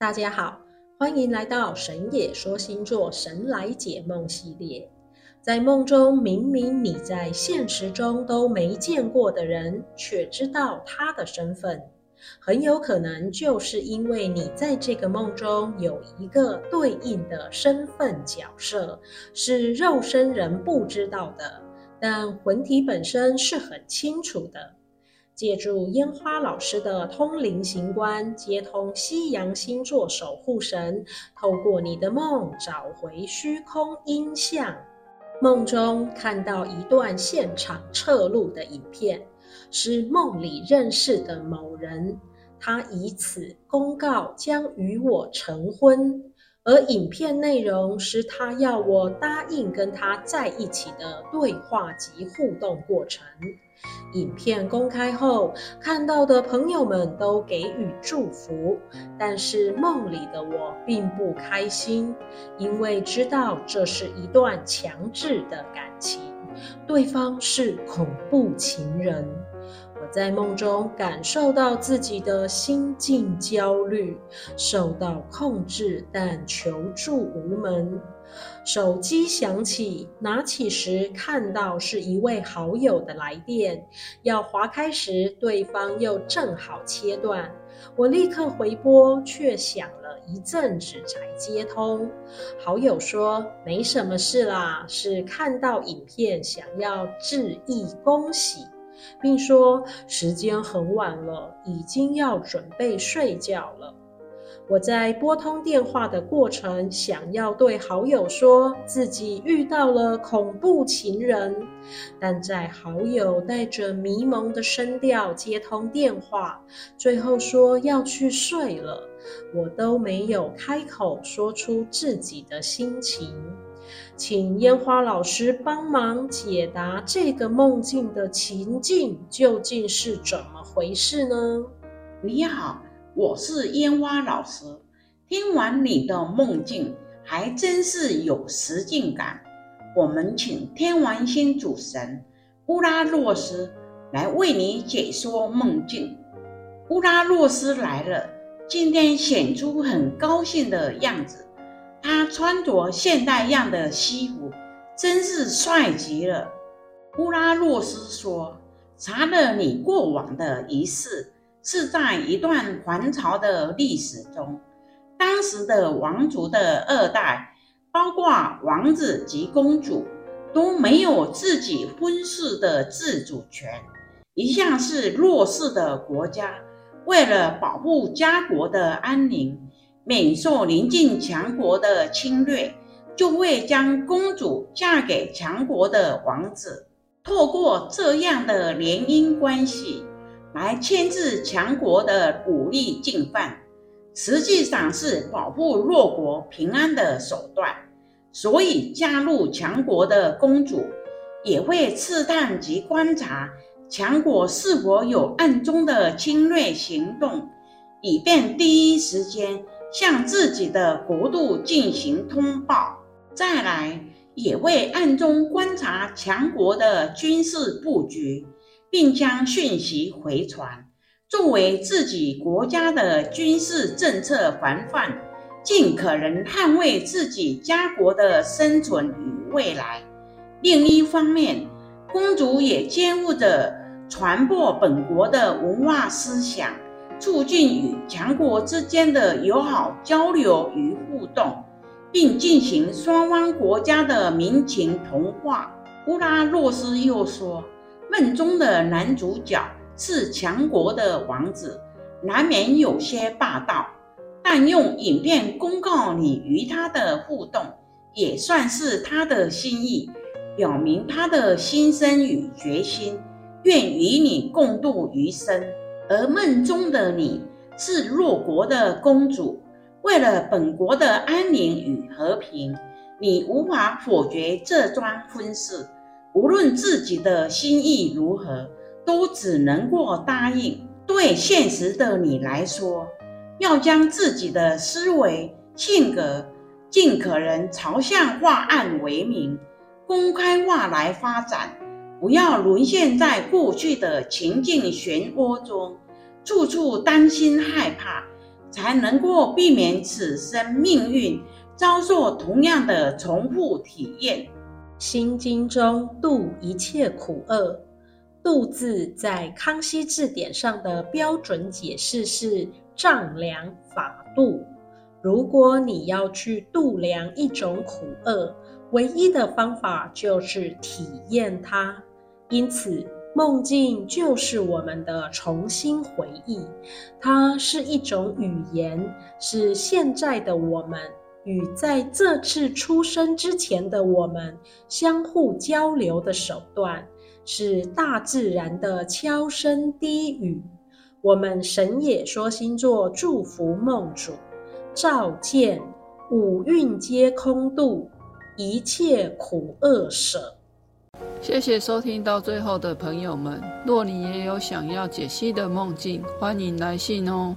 大家好，歡迎來到神野說星座神來解夢系列。在夢中，明明你在現實中都沒見過的人，卻知道他的身份。很有可能就是因為你在這個夢中有一個對應的身份角色，是肉身人不知道的，但魂體本身是很清楚的。借助煙花老師的通靈行官，接通西洋星座守護神，透過你的夢找回虛空音像。夢中看到一段現場側錄的影片，是夢裡認識的某人，他以此公告將與我成婚。而影片內容是他要我答應跟他在一起的對話及互動過程。影片公開後，看到的朋友們都給予祝福，但是夢裡的我並不開心，因為知道這是一段強制的感情，對方是恐怖情人。我在夢中感受到自己的心境焦慮，受到控制，但求助無門。手機響起，拿起時看到是一位好友的來電，要劃開時，對方又正好切斷。我立刻回撥，卻響了一陣子才接通。好友說沒什麼事啦，是看到影片想要致意恭喜。並說時間很晚了，已經要準備睡覺了。我在撥通電話的過程，想要對好友說自己遇到了恐怖情人，但在好友帶着迷蒙的聲調接通電話，最後說要去睡了，我都沒有開口說出自己的心情。請煙花老師幫忙解答這個夢境的情境究竟是怎麼回事呢？你好，我是煙花老師。聽完你的夢境，還真是有實境感。我們請天王星主神烏拉諾斯來為你解說夢境。烏拉諾斯來了，今天顯出很高興的樣子。他穿着現代樣的西服，真是帥極了。烏拉諾斯說：“查了你過往的儀式，是在一段皇朝的歷史中，當時的王族的二代，包括王子及公主，都沒有自己婚事的自主權，一向是弱勢的國家，為了保護家國的安寧。”免受鄰近強國的侵略，就會將公主嫁給強國的王子，透過這樣的聯姻關係來牽制強國的武力進犯，實際上是保護弱國平安的手段。所以，加入強國的公主也會刺探及觀察強國是否有暗中的侵略行動，以便第一時間。向自己的國度進行通報，再來也會暗中觀察強國的軍事布局，並將訊息回傳，作為自己國家的軍事政策防範，盡可能捍衛自己家國的生存與未來。另一方面，公主也肩負着傳播本國的文化思想。促進與強國之間的友好交流與互動並進行雙方國家的民情同化。烏拉諾斯又說：“夢中的男主角是強國的王子，難免有些霸道，但用影片公告你與他的互動，也算是他的心意，表明他的心聲與決心，願與你共度餘生。”而夢中的你是弱國的公主，為了本國的安寧與和平，你無法否決這樁婚事。無論自己的心意如何，都只能夠答應。對現實的你來說，要將自己的思維、性格盡可能朝向化暗為明，公開化來發展。不要淪陷在過去的情境漩渦中，處處擔心害怕，才能夠避免此生命運遭受同樣的重複體驗。心經中度一切苦厄，度字在《康熙字典》上的標準解釋是丈量法度。如果你要去度量一種苦厄，唯一的方法就是體驗它。因此，夢境就是我們的重新回憶，它是一種語言，是現在的我們與在這次出生之前的我們相互交流的手段，是大自然的悄聲低語。我們神野說星座祝福夢主，照見五蘊皆空度，度一切苦厄，舍。謝謝收聽到最後的朋友們，若你也有想要解析的夢境，歡迎來信哦。